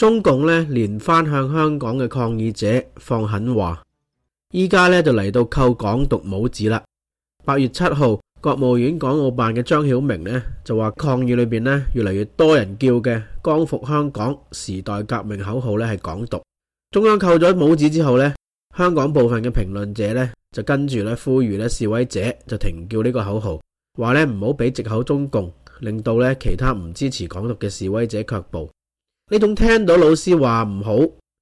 中共咧，連番向香港嘅抗議者放狠話，依家咧就嚟到扣港獨帽子啦。八月七號，國務院港澳辦嘅張曉明咧就話，抗議裏邊咧越嚟越多人叫嘅光復香港時代革命口號咧，係港獨。中央扣咗帽子之後咧，香港部分嘅評論者咧就跟住咧呼籲咧示威者就停叫呢個口號，話咧唔好俾藉口中共，令到咧其他唔支持港獨嘅示威者卻步。呢種聽到老師話唔好，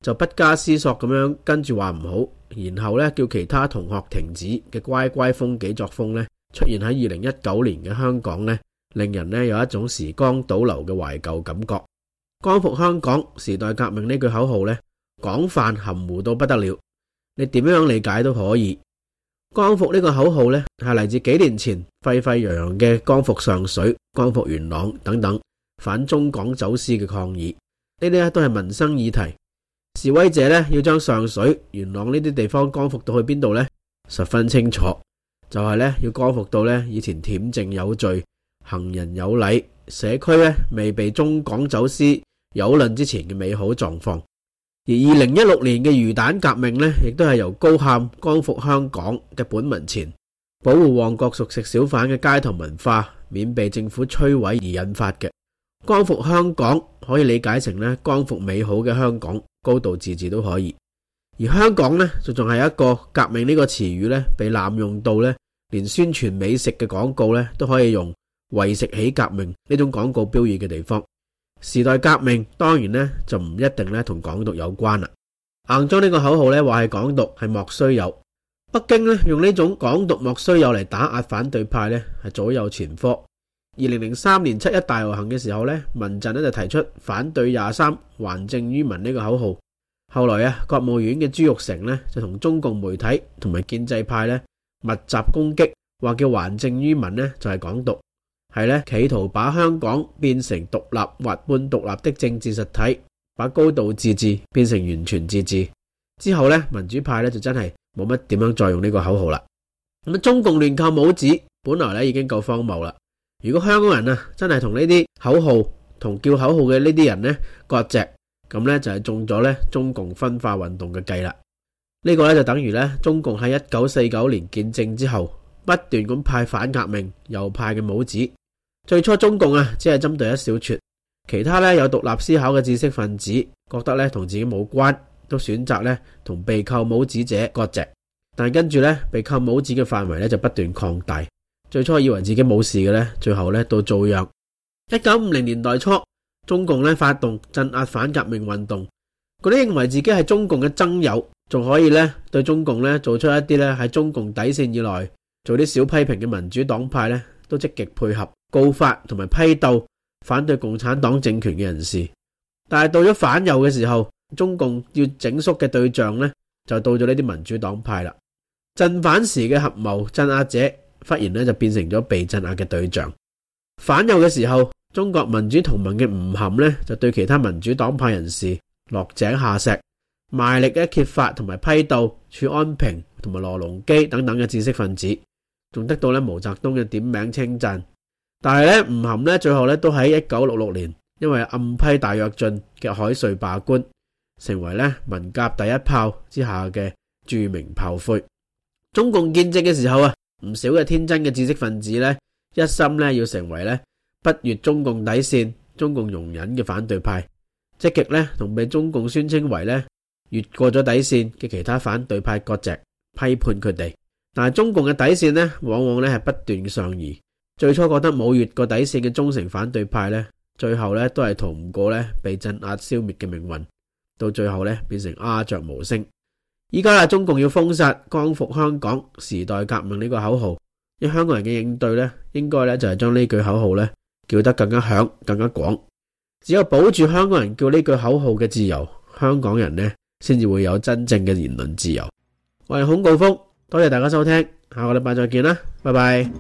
就不加思索咁樣跟住話唔好，然後咧叫其他同學停止嘅乖乖風紀作風咧，出現喺二零一九年嘅香港咧，令人咧有一種時光倒流嘅懷舊感覺。光復香港、時代革命呢句口號咧，廣泛含糊到不得了，你點樣理解都可以。光復呢個口號咧，係嚟自幾年前沸沸揚揚嘅光復上水、光復元朗等等反中港走私嘅抗議。呢啲咧都係民生議題，示威者咧要將上水、元朗呢啲地方光復到去邊度呢？十分清楚，就係咧要光復到咧以前恬靜有序、行人有禮、社區咧未被中港走私、有論之前嘅美好狀況。而二零一六年嘅魚蛋革命咧，亦都係由高喊光復香港嘅本文前，保護旺角熟食小販嘅街頭文化，免被政府摧毀而引發嘅。光復香港可以理解成咧，光復美好嘅香港，高度自治都可以。而香港咧，就仲係一個革命呢個詞語咧，被濫用到咧，連宣傳美食嘅廣告咧，都可以用“為食起革命”呢種廣告標語嘅地方。時代革命當然咧，就唔一定咧，同港獨有關啦。硬將呢個口號咧，話係港獨係莫須有。北京咧，用呢種港獨莫須有嚟打壓反對派咧，係早有前科。二零零三年七一大遊行嘅時候咧，民陣咧就提出反對廿三還政於民呢個口號。後來啊，國務院嘅朱玉成咧就同中共媒體同埋建制派咧密集攻擊，話叫還政於民咧就係港獨，係咧企圖把香港變成獨立或半獨立的政治實體，把高度自治變成完全自治。之後咧，民主派咧就真係冇乜點樣再用呢個口號啦。咁啊，中共亂扣帽，帽子，本來咧已經夠荒謬啦。如果香港人啊真係同呢啲口號同叫口號嘅呢啲人呢割席，咁呢就係中咗呢中共分化運動嘅計啦。呢個呢就等於呢中共喺一九四九年建政之後，不斷咁派反革命右派嘅帽子。最初中共啊只係針對一小撮，其他呢有獨立思考嘅知識分子覺得呢同自己冇關，都選擇呢同被扣帽子者割席。但跟住呢，被扣帽子嘅範圍呢就不斷擴大。最初以為自己冇事嘅咧，最後咧到遭殃。一九五零年代初，中共咧發動鎮壓反革命運動，嗰啲認為自己係中共嘅諍友，仲可以咧對中共咧做出一啲咧喺中共底線以內做啲小批評嘅民主黨派咧，都積極配合告發同埋批鬥反對共產黨政權嘅人士。但係到咗反右嘅時候，中共要整肅嘅對象咧就到咗呢啲民主黨派啦。鎮反時嘅合謀鎮壓者。忽然咧就變成咗被鎮壓嘅對象。反右嘅時候，中國民主同盟嘅吳晗咧就對其他民主黨派人士落井下石，賣力嘅揭發同埋批鬥儲安平同埋羅隆基等等嘅知識分子，仲得到咧毛澤東嘅點名稱讚。但係咧吳晗咧最後咧都喺一九六六年因為暗批大躍進嘅海瑞罷官，成為咧文革第一炮之下嘅著名炮灰。中共建政嘅時候啊。唔少嘅天真嘅知識分子咧，一心咧要成為咧不越中共底線、中共容忍嘅反對派，積極咧同被中共宣稱為咧越過咗底線嘅其他反對派割席批判佢哋。但係中共嘅底線咧，往往咧係不斷上移。最初覺得冇越過底線嘅忠誠反對派咧，最後咧都係逃唔過咧被鎮壓消滅嘅命運，到最後咧變成鴉雀無聲。依家啦，中共要封殺光復香港、時代革命呢個口號，一香港人嘅應對咧，應該咧就係將呢句口號咧叫得更加響、更加廣。只有保住香港人叫呢句口號嘅自由，香港人咧先至會有真正嘅言論自由。我係孔誥烽，多謝大家收聽，下個禮拜再見啦，拜拜。